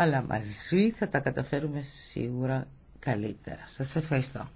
αλλά μαζί θα τα καταφέρουμε σίγουρα καλύτερα. Σας ευχαριστώ.